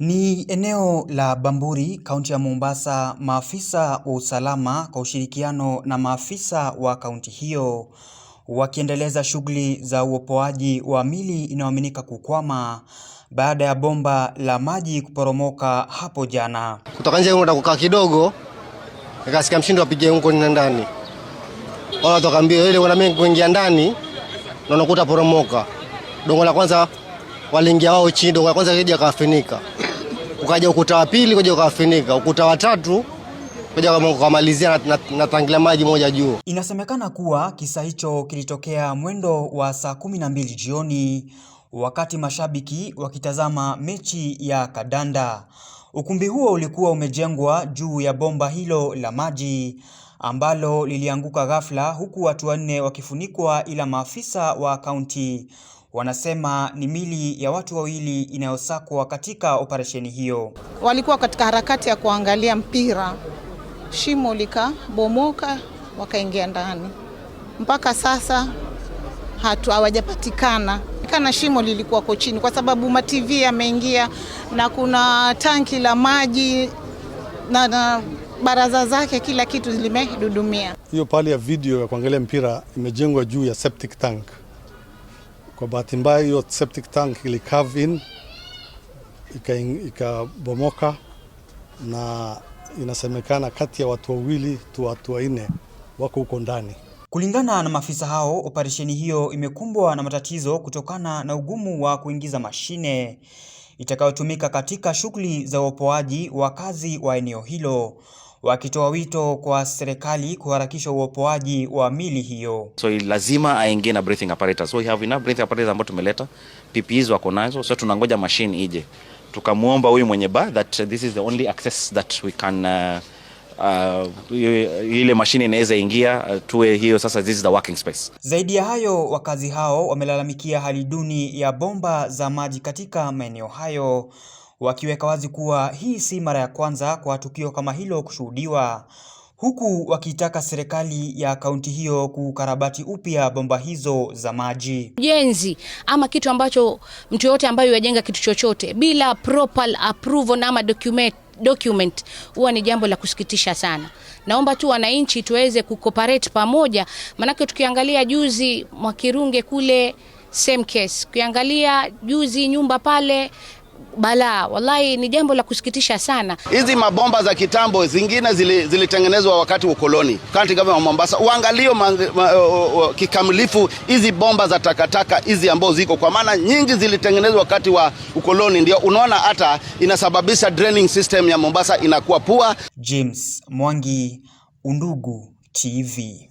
Ni eneo la Bamburi, kaunti ya Mombasa. Maafisa wa usalama kwa ushirikiano na maafisa wa kaunti hiyo wakiendeleza shughuli za uopoaji wa mili inayoaminika kukwama baada ya bomba la maji kuporomoka hapo jana. Kutoka nje nataka kukaa kidogo, nikasikia mshindo apige huko nina ndani, wala toka mbio ile, wana mimi kuingia ndani na nakuta poromoka dongo la kwanza, waliingia wao chini, dongo la kwanza kija kafinika ukaja ukuta wa pili kuja ukawafinika, ukuta wa tatu kuja ukamalizia na tangila maji moja juu. Inasemekana kuwa kisa hicho kilitokea mwendo wa saa kumi na mbili jioni wakati mashabiki wakitazama mechi ya kadanda. Ukumbi huo ulikuwa umejengwa juu ya bomba hilo la maji ambalo lilianguka ghafla, huku watu wanne wakifunikwa, ila maafisa wa kaunti wanasema ni mili ya watu wawili inayosakwa katika operesheni hiyo. Walikuwa katika harakati ya kuangalia mpira, shimo likabomoka, wakaingia ndani. Mpaka sasa hatu hawajapatikana kana shimo lilikuwa ko chini, kwa sababu matv yameingia na kuna tanki la maji na, na baraza zake kila kitu limedudumia. Hiyo pale ya video ya kuangalia mpira imejengwa juu ya septic tank. Kwa bahati mbaya hiyo septic tank ili cave in ikabomoka, na inasemekana kati ya watu wawili tu watu wanne wako huko ndani. Kulingana na maafisa hao, operesheni hiyo imekumbwa na matatizo kutokana na ugumu wa kuingiza mashine itakayotumika katika shughuli za uopoaji wakazi wa eneo hilo wakitoa wito kwa serikali kuharakisha uopoaji wa mili hiyo. So lazima aingie na breathing apparatus. So we have enough breathing apparatus ambayo tumeleta, PPEs wako nazo, so tunangoja machine ije, tukamwomba huyu mwenye bar that this is the only access that we can uh, Uh, ile mashine inaweza ingia uh, tuwe hiyo sasa, this is the working space. Zaidi ya hayo, wakazi hao wamelalamikia hali duni ya bomba za maji katika maeneo hayo wakiweka wazi kuwa hii si mara ya kwanza kwa tukio kama hilo kushuhudiwa, huku wakiitaka serikali ya kaunti hiyo kukarabati upya bomba hizo za maji. Ujenzi ama kitu ambacho mtu yoyote ambaye yajenga kitu chochote bila proper approval ama document document huwa ni jambo la kusikitisha sana. Naomba tu wananchi tuweze kukoperate pamoja, maanake tukiangalia juzi Mwakirunge kule same case, kuangalia juzi nyumba pale balaa. Wallahi ni jambo la kusikitisha sana. Hizi mabomba za kitambo zingine zilitengenezwa zili wakati wa ukoloni. County government wa Mombasa uangalie kikamilifu hizi bomba za takataka hizi ambazo ziko, kwa maana nyingi zilitengenezwa wakati wa ukoloni, ndio unaona hata inasababisha draining system ya Mombasa inakuwa pua. James Mwangi, Undugu TV.